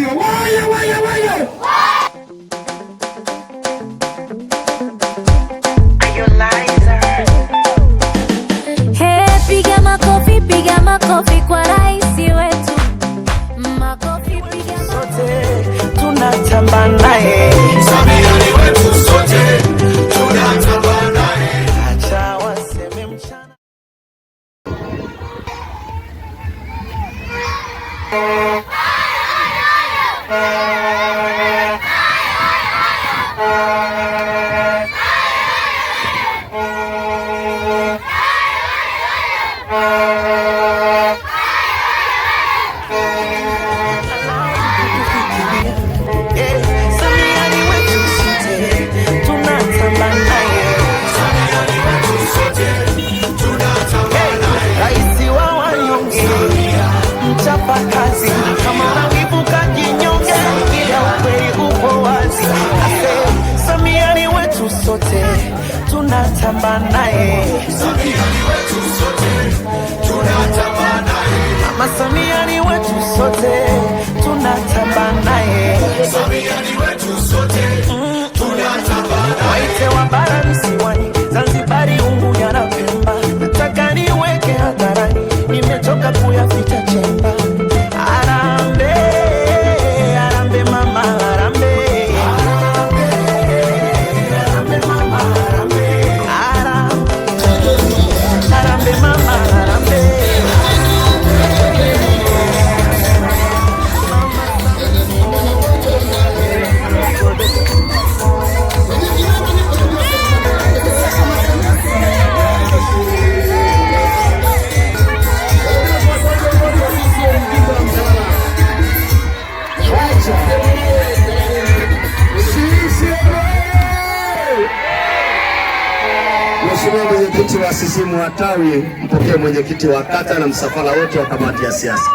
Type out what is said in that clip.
ndio waya waya waya Piga makofi, piga makofi kwa rais wetu. Makofi, piga sote tunatamba naye. Música tunatambanaye Mama Samia ni wetu sote tunatambanaye Mheshimiwa mwenyekiti wa sisimu wa tawi, mpokee mwenyekiti wa kata na msafara wote wa kamati ya siasa.